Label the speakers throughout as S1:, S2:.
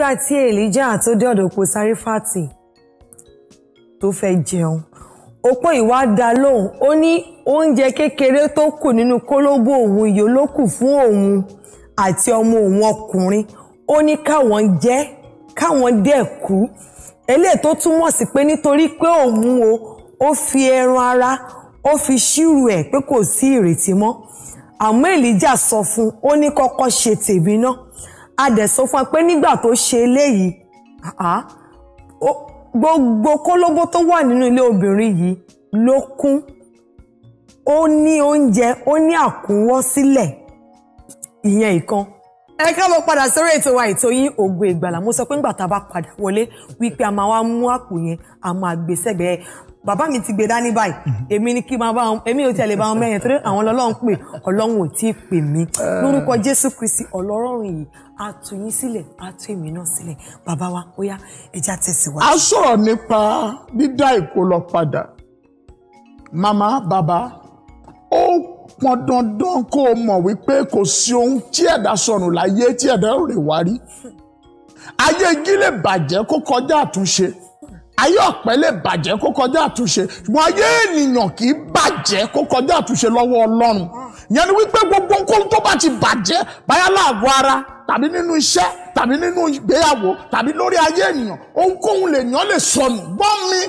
S1: nígbà tí elijah tó dé ọ̀dọ̀ òpó sárífàtì tó fẹ́ jẹun òpó ìwà dá lóhùn ó ní oúnjẹ kékeré tó kù nínú kólóbó òun yìí ló kù fún òun àti ọmọ òun ọkùnrin ó ní káwọn jẹ káwọn dẹ̀ kú eléyìí tó túmọ̀ sí pé nítorí pé òun o ó fi ẹran ara ó fi ṣírù ẹ̀ pé kò sí ìrètí mọ́ àmọ́ elijah sọ fún ó ní kọ́kọ́ ṣe tèmi náà a dẹ̀ sọ fún wa pé nígbà tó ṣe eléyìí gbogbo kólóbó tó wà nínú ilé obìnrin yìí ló kún ó ní oúnjẹ ó ní àkúnwọ́ sílẹ̀ ìyẹn ìkan ẹ káàbọ̀ padà sórí ètò wa ètò yín ògo ìgbàlà mo sọ pé ńgbà tá a bá padà wọlé wípé a máa wá mú àpò yẹn a máa gbé sẹ́gbẹ̀ẹ́ bàbá mi ti gbé dání báyìí mhm. èmi ni kí n máa bá wọn èmi ò tiẹ̀ lè bá wọn mẹ́yìn torí àwọn ọlọ́run pè ọlọ́run ò tí ì pè mí eh. lórúkọ jésù kristi ọlọ́run yìí a tú yín sílẹ̀ a tú èmi náà sílẹ̀ bàbá wa ó yá ẹja tẹ̀síwájú.
S2: a sọ̀rọ̀ nípa dídá ìkólọ padà màmá bàbá ó pọn dandan kó o mọ̀ wípé kò sí ohun tí ẹ̀dá sọnù láyé tí ẹ̀dá ò lè wárí ayé igi lè bàjẹ́ kó kọjá àtúnṣe ayé ọ̀pẹ lè bàjẹ́ kó kọjá àtúnṣe ṣùgbọ́n ayé ènìyàn kì í bàjẹ́ kó kọjá àtúnṣe lọ́wọ́ Ọlọ́run ìyẹn ni wípé gbogbo nǹkan tó bá ti bàjẹ́ báyà láàgọ́ ara tàbí nínú iṣẹ́ tàbí nínú ìgbéyàwó tàbí lórí ayé ènìyàn ohunkóhun lèèyàn lè sọnù gbọ́n mi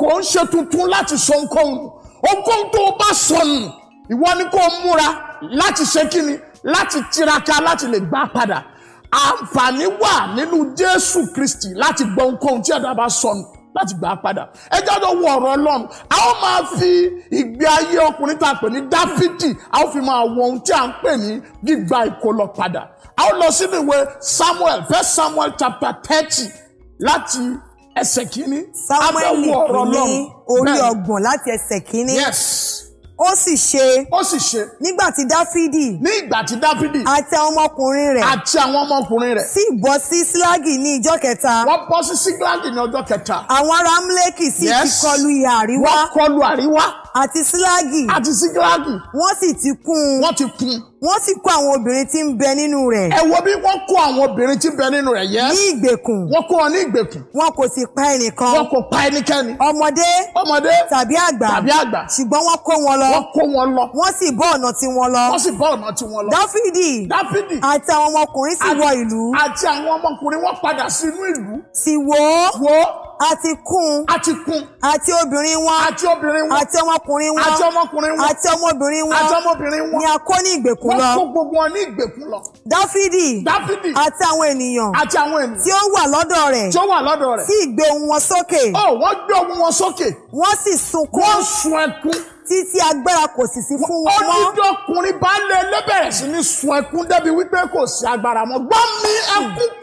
S2: kò ń ṣe tuntun láti sọ ohunkóhun ohunkóhun tó o bá sọnù ìwọ ni kó o múra láti ṣe kíni láti tiraka láti lè gbà padà àǹfààní wà nínú Jésù Kristi láti gbọ́ ohunkóhun tí ẹ̀dá bá sọnù láti gbà á padà ẹ jáde wo ọ̀rọ̀ ọlọ́run a ó máa fi ìgbé ayé ọkùnrin tá a pè ní dáfídì a ó fi máa wo ohun tí a ń pè ní gbígba ìkólọ padà a ó lọ sínú ìwé samuel first samuel chapter thirty láti ẹsẹ̀ kínní samuel ní orí
S1: ọgbọ̀n láti ẹsẹ̀ kínní. yes
S2: ó sì ṣe. ó sì ṣe. nígbà tí dáfídì. nígbà tí dáfídì. àti àwọn ọmọkùnrin rẹ̀. àti àwọn ọmọkùnrin rẹ̀. sì bọ́ sí sílágì ní ọjọ́ kẹta. wọ́n bọ́ sí sílágì ní ọjọ́ kẹta. àwọn ará amúlékì sì ti kọlu ìhà àríwá. wọ́n kọlu àríwá àti sílágì àti sílágì wọ́n sì ti kún un wọ́n ti kún un wọ́n sì kó àwọn obìnrin tí ń bẹ nínú rẹ̀. ẹ wo bí wọ́n kó àwọn obìnrin tí ń bẹ nínú rẹ̀ yẹn. ní ìgbèkùn. wọ́n kó wọn ní ìgbèkùn. wọn kò sì pa ẹnìkan. wọn kò pa ẹnikẹ́ni. ọmọdé. ọmọdé. tàbí àgbà. tàbí àgbà. ṣùgbọ́n wọ́n kó wọn lọ. wọ́n kó wọn lọ. wọ́n sì bọ́ ọ̀nà àti kún. àti kún. àti obìnrin wọn. àti obìnrin wọn. àti ọmọkùnrin wọn. àti ọmọkùnrin wọn. àti ọmọbìnrin wọn. àti ọmọbìnrin wọn. ni a kó ní ìgbèkùn lọ. wọ́n kó gbogbo wọn ní ìgbèkùn lọ. dáfídì. dáfídì. àti àwọn ènìyàn. àti àwọn ènìyàn. tí ó wà lọ́dọ̀ rẹ̀. tí ó wà lọ́dọ̀ rẹ̀. sì gbé ohùn wọn sókè. ó wọ́n gbé ohùn wọn sókè. wọ́n sì sunkún. wọ́n sun ẹkún títí agbára kò sì sí fún wọn mọ́. ọdúndọkùnrin ní sun ẹkún mi ẹkún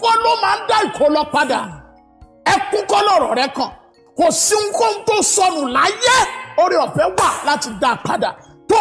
S2: kọ́ ló máa ń dá ìkólọ ẹkún kọ́ lọ̀rọ̀ rẹ kàn kò sí nǹkan tó sọnù láyé oore ọ̀fẹ́ wà láti dá a padà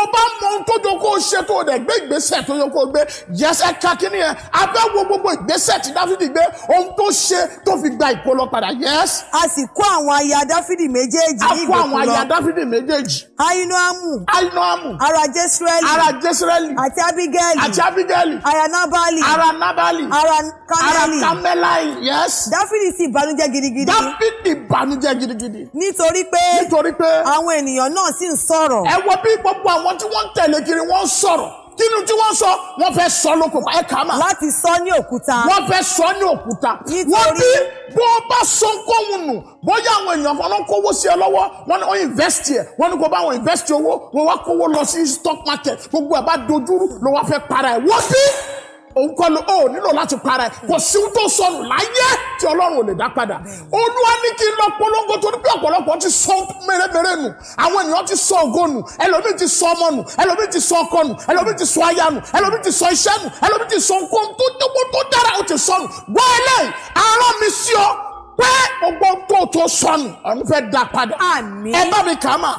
S2: tó bá mọ ohun kó ṣe tó dẹ̀ gbé ìgbésẹ̀ tó yẹ kó gbé yẹsẹ̀ ká kí nìyẹn abẹ́ wo gbogbo ìgbésẹ̀ tí dáfídì gbé ohun tó ṣe tó fi gba ìkólọ padà yẹs. a sì kó àwọn aya dáfídì méjèèjì ní ìgbèkùn lọ a kó àwọn aya dáfídì méjèèjì. ainoamu ainoamu ara jesreli ara jesreli àti abigaili àti abigaili aya nabali ara nabali ara kameli ara kamelaili yẹs. dáfídì sì bànújẹ́ gidigidi. dáfídì bànújẹ́ gidigidi. nítorí pé nítorí pé àwọn ènìyàn náà sì ń sọ̀rọ̀. ẹ wo bí gbogbo àwọn àwọn tí wọ́n ń tẹ̀lé kiri wọ́n ń sọ̀rọ̀ nínú tí wọ́n sọ wọ́n fẹ́ sọ lókùnkùn ẹ kà á mà. láti sọ ní òkúta. wọ́n fẹ́ sọ ní òkúta. wọ́n bí bó o bá sọ nkóhun nù bóyá àwọn èèyàn kan lọ́n kówó sí ẹ lọ́wọ́ wọ́n ní wọ́n invest yẹ wọ́n ní kó bá wọn invest owó wọ́n wá kówó lọ sí stock market gbogbo ẹ̀ bá dojúrú ló wá fẹ́ para ẹ̀ wọ́n bí òun kọ́ ló ò nílò láti para ẹ̀ kò sí ohun tó sọnù láyé tí ọlọ́run ò lè dá padà olúwa ní kí n lọ polongo torí pé ọ̀pọ̀lọpọ̀ ti sọ mèremère nù àwọn ènìyàn ti sọ ògo nù ẹlòmíì ti sọ ọmọ nù ẹlòmíì ti sọ ọkọ nù ẹlòmíì ti sọ aya nù ẹlòmíì ti sọ iṣẹ́ nù ẹlòmíì ti sọ nǹkan tó dẹ́gbọ́n tó dára ó ti sọ nù gbọ́ eléyìí
S1: arán mi sí ọ pé gbogbo tó tó sọnù ọ̀run fẹ́ dá padà ẹ bá mi kà á mà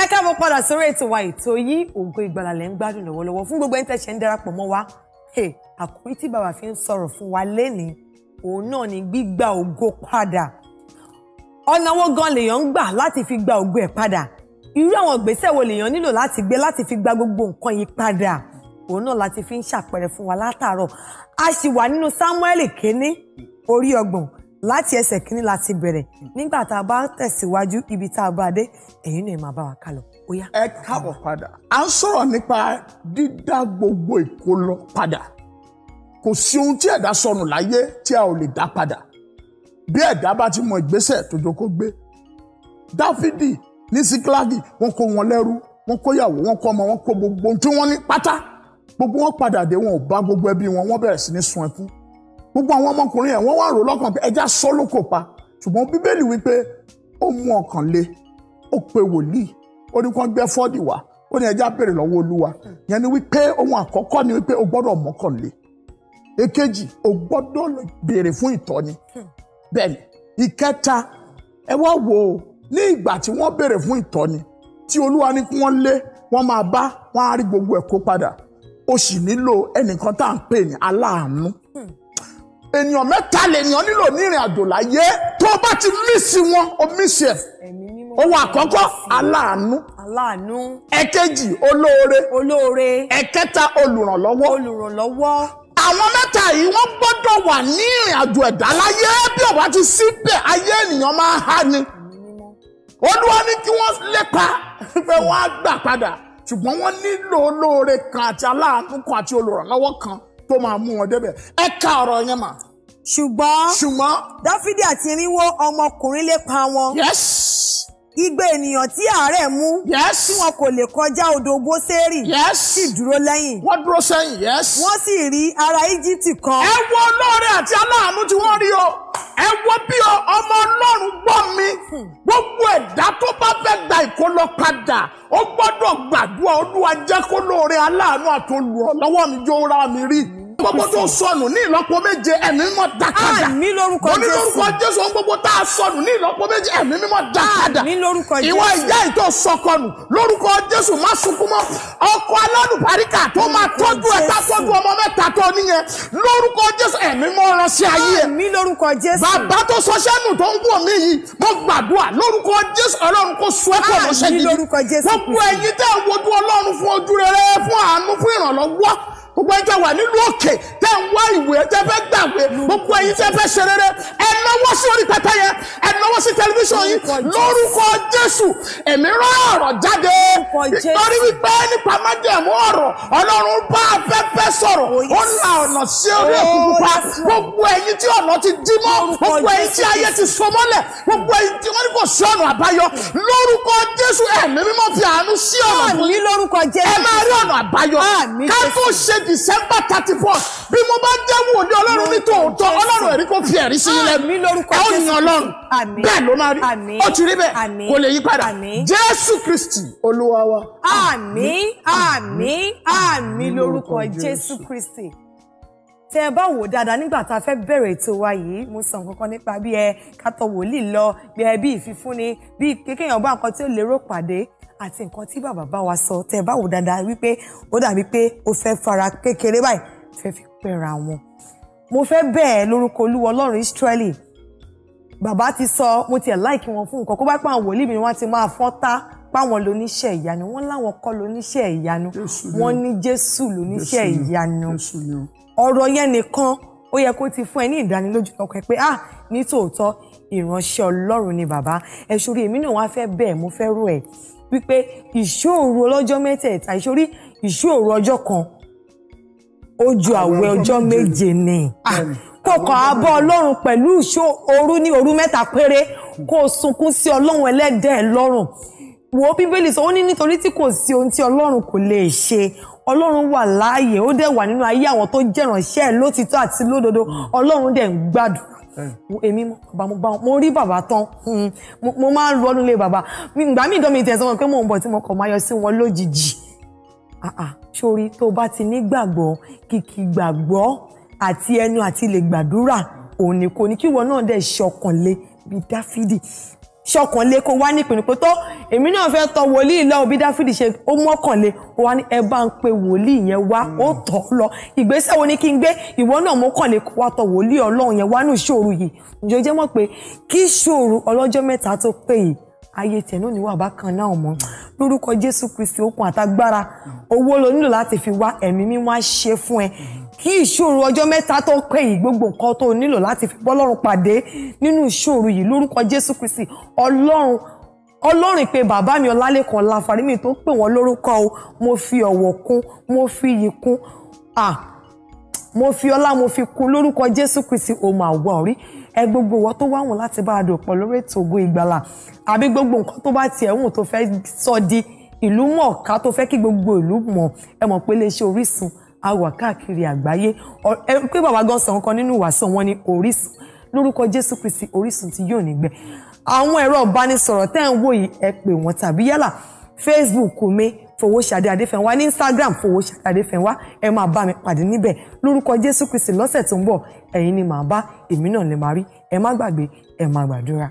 S1: ẹ káàbọ̀ padà sórí ètò wa ètò yìí ògo ìgbàlà lẹ́ ń gbádùn lọ́wọ́lọ́wọ́ fún gbogbo ẹni tẹ́ ṣe ń darapọ̀ mọ́ wa àkórí tí bàbá fi ń sọ̀rọ̀ fún wa lénìí òun náà ni gbígba ògo padà ọ̀nà wo gan lèèyàn ń gbà láti fi gba ògo ẹ̀ padà irú àwọn ìgbésẹ̀ wo lèèyàn nílò láti gbé láti fi gba gbogbo nǹkan yìí padà òun náà láti fi ń ṣàpẹẹrẹ fún wa látàárọ̀ a sì wà nínú Sámúẹ́lì kínní orí ọgbọ̀n láti ẹsẹ̀ kínní láti bẹ̀rẹ̀ nígbà tá a bá tẹ̀síwájú ibi tá a bá dé ẹ̀yin náà máa bá wa kálọ
S2: ó ẹ káàbọ̀ padà
S1: à ń sọ̀rọ̀ nípa dídá gbogbo
S2: ìkólọ padà kò sí ohun tí ẹ̀dá sọnù láyé tí a ò lè dá padà bí ẹ̀dá bá ti mọ ìgbésẹ̀ tó jọ kó gbé dáfídì ní síkílágì wọ́n kó wọn lẹ́rú wọ́n kó yàwó wọ́n kó ọmọ wọ́n kó gbogbo ohun tí wọ́n ní pátá gbogbo wọn padà dé wọn ò bá gbogbo ẹbí wọn wọ́n bẹ̀rẹ̀ sí ní sun ẹkún gbogbo àwọn ọmọkùnrin yẹn wọ́n wá rò lọ́kàn pé ẹja sọ ló kò pa ṣùgbọ́n bíbélì wípé ó mú ọkàn le ó pe wòlíì ó ní kàn gbẹ́ fọ́ọ̀dì wá ó ní ẹja béèrè lọ́wọ́ olúwa yẹn ni wípé ohun àkọ́kọ́ ni wípé o gbọ́dọ̀ mọ́kàn èkejì o gbọ́dọ̀ béèrè fún ìtọ́ni hmm. bẹ́ẹ̀ni ìkẹta ẹ wá wò ó ní ìgbà tí wọ́n béèrè fún ìtọ́ni tí olúwa ní kí wọ́n lé wọ́n máa bá wọ́n á rí gbogbo ẹ̀ kó padà o sì nílò ẹnìkan tá à ń pè ní aláàánú hmm. ènìyàn mẹ́ta lènìyàn nílò ní ìrìn àjò láyé tó o bá ti mísì wọn o mísì ẹ̀ ohun àkọ́kọ́ aláàánú ẹ̀kejì olóore ẹ̀kẹta olùrànlọ́wọ́ àwọn mẹ́ta yìí wọ́n gbọ́dọ̀ wà ní ìrìn àjò ẹ̀dá láyé bí ó bá ti síbẹ̀ ayé ènìyàn máa há ni olúwa ní kí wọ́n lépa pé wọ́n á gbà padà ṣùgbọ́n wọ́n nílò olóore kan àti aláàánú kan àti olùrànlọ́wọ́ kan tó máa mú wọn débẹ̀ ẹ ká ọ̀rọ̀ yẹn mà. ṣùgbọ́n ṣùgbọ́n
S1: dáfídì àti irinwó ọmọkùnrin lépa wọn. yes igbe ènìyàn tí àárẹ̀ mú. yes. tí wọn kò lè kọjá odò bósérì. yes. sì dúró lẹ́yìn. wọ́n dúró
S2: sẹ́yìn yes. wọ́n sì rí ara Íjíbítì kan. ẹ wo olóore àti aláàánú tí wọ́n rí o ẹ wo bí ọmọ ọlọ́run gbọ́ mi hmm. gbogbo ẹ̀dá tó bá fẹ́ gba ìkólọ padà ó gbọ́dọ̀ gbàdúrà olúwa jẹ́ kó lóore aláàánú àtolùọ́ lọ́wọ́ mi jó ra mi rí gbogbo tó sọnù ní ìlọ́po méje ẹ̀mí mímọ́ dákàdá àmì ah, lórúkọ jésù onílórúkọ jésù ohun gbogbo tá a sọnù ní ìlọ́po méje ẹ̀mí mímọ́ ah, dákàdá ìwọ ìyá ìtò sọkọnù lórúkọ jésù má sunkún mọ́ ọkọ alálùbáríkà tó máa tọ́jú ẹ tá tọ́jú ọmọ mẹ́ta tó níyẹn lórúkọ jésù ẹ̀mí mọ́ rán sí ayé ẹ àmì ah, lórúkọ jésù bàbá tó sọ sẹ́nu tó ń wò mí yìí mo gbàdúrà lórúkọ jésù ọlọ́run kò sọ ẹ̀kọ́ lọ́sẹ̀ yìí gbogbo ẹ̀yin tẹ́ ń wojú ọlọ́run fún ojú rere fún àánú fún ìrànlọ́wọ́ gbogbo ẹjọ́ wà nílùú òkè tẹ́ ń wá ìwé tẹ́ fẹ́ gbàgbé gbogbo ẹ̀yin tẹ́ fẹ́ ṣe rere náwó sí orí pẹpẹ yẹn ẹ náwó sí tẹlifíṣàn yìí lórúkọ jésù èmi rán ọ̀rọ̀ jáde nítorí wípé nípa májẹ̀mú ọ̀rọ̀ ọlọ́run bá afẹ́fẹ́ sọ̀rọ̀ oh, ó la ọ̀nà sí orí oh, òkú pupa gbogbo ẹ̀yin tí ọ̀nà ti dí mọ́ gbogbo ẹ̀yin tí ayé ti so mọ́lẹ̀ gbogbo ẹ̀yin tí wọ́n ní kò sí ọ̀nà àbáyọ lórúkọ jésù ẹ̀mí mímọ́ fi àánú sí ọ̀nà fún yín ẹ máa december thirty first bí mo bá jẹ́ wòlíì ọlọ́run ní lórúkọ jésù ọlọ́run bẹ́ẹ̀ ló máa rí ó ti rí bẹ́ẹ̀ kò lè yí padà jésù
S1: kristi olúwa wa. àmín àmín àmín lórúkọ jésù kristi tẹ ẹ bá wò dáadáa nígbà tá a fẹ́ bẹ̀rẹ̀ ètò wa yìí mo sọ nǹkan kan nípa bí ẹ kátó wòlíì lọ bí ẹ bí ìfifúnni bí kékéèyàn bá nǹkan tí ó lérò pàdé àti nǹkan tí bàbá bá wa sọ tẹ ẹ bá wò dáadáa wípé ó dàbí pé ó fẹ́ fara kékeré báyìí fẹ́ fi pẹ́ra wọn. mo fẹ́ bẹ́ẹ̀ lórúkọ olúwa ọlọ́run Ísírẹ́lì bàbá ti sọ mo tiẹ̀ láìkí wọn fún nǹkan kó bá pàwọn wòlíì mi wọn ti máa fọ́n tá páwọn lóníṣẹ́ ìyanu wọn láwọn kọ́ lóníṣẹ́ ìyanu wọn ní jésù lóníṣẹ́ ìyanu ọ̀rọ̀ yẹn nìkan ó yẹ kó ti fún ẹ ní ìdánilójú ọkọ ẹ pé ah ní tòótọ́ ìránṣẹ́ ọlọ́run ni bàbá ẹ ṣorí èmi náà wá fẹ́ bẹ́ẹ̀ mo fẹ́ rò ẹ̀ wípé ìṣòro ọlọ́jọ́ mẹ́tẹ̀ẹ̀ta ìṣorí ìṣòro ọjọ́ kan ó àwẹ̀ ọjọ́ méje ni kò kàn á bọ́ ọlọ́run pẹ̀lú ìṣó òru ní òru mẹ́ta péré kó o sunkún sí ọlọ́run ẹlẹ́dẹ̀ lọ́rùn wo bíbélì sọ ó ní nítorí tí kò sí ohun tí ọlọ́run kò lè ṣe ọlọ́run wà láàyè ó dẹ̀ wà nínú ayé àwọn tó jẹ̀ránṣẹ́ ẹ̀ lótìtọ́ àti lódodo ọlọ́run dẹ̀ ń gbàdúrà èmi bàbá mo bá mo rí bàbá tán hmm, mo máa ń rọnú lé bàbá ìgbà mi dán mi tẹ̀ sọ́wọ́n pé mò ń bọ̀ tí mo kàn máa yọ sí wọn lójijì sórí tó bá ti ní gbàgbọ́ kìkì gbàgbọ́ àti ẹnu àti lè gbàdúrà òun ni kò ní kí ìwọ náà dẹ̀ ṣọkàn lé bí Dáfídì ṣọkàn lé kó wá nípinnu pé tó èmi náà fẹ́ tọ̀ wòlíì lọ bí Dáfídì ṣe ó mọ́kàn lé ó wá ní ẹ bá ń pe wòlíì yẹn wá ó tọ̀ lọ ìgbésẹ̀ wo ni kí n gbé ìwọ náà mọ́kàn kó wá tọ̀ wòlíì Ọlọ́run yẹn wá ní ìṣòro yìí ǹjẹ́ jẹ́ mọ̀ pé kí ìṣòro ọlọ́jọ́ mẹ́ta tó pé yìí ayé tẹ̀ náà níwà bákan náà mọ́ lórúkọ jésù kristi okun àtagbára owó lo nílò láti fi wá ẹ̀mí mímọ́ á ṣe fún ẹ kí ìṣòro ọjọ́ mẹ́ta tó pé yìí gbogbo nǹkan tó nílò láti fi bọ́lọ́run pàdé nínú ìṣòro yìí lórúkọ jésù kristi ọlọ́run ọlọ́run ìpè bàbá mi ọlálẹ́kan láfarímì tó pè wọ́n lórúkọ o mo fi ọ̀wọ̀ kún mo fi iyì kún ah mo fi ọlá mo fi kún lórúkọ jésù kristi o máa wà orí ẹ gbogbo ìwọ tó wáwùn láti bá a dò pọ̀ lórí ètò Ògo Ìgbàlà àbí gbogbo nǹkan tó bá tiẹ̀ wùn tó fẹ́ sọ di ìlú mọ̀ọ́ká tó fẹ́ kí gbogbo ìlú mọ̀ ẹ mọ̀ pé iléeṣẹ́ Orísun a káàkiri àgbáyé ẹ pé bàbá gan sàn kan nínú ìwàsàn wọn ni Orísun lórúkọ Jésù Kristi Orísun tí yóò nígbẹ àwọn ẹ̀rọ ìbánisọ̀rọ̀ tẹ́ ń wò yìí ẹ pè wọ́n tàbí yálà Facebook mi Fowóṣadé Adéfẹ́nwá ní Instagram Fowóṣadé Adéfẹ́nwá ẹ máa bá mi pàdé níbẹ̀ lórúkọ Jésù Kristi lọ́sẹ̀ tó ń bọ̀ ẹ̀yin ni màá bá èmi náà lè máa rí ẹ má gbàgbé ẹ máa gbàdúrà.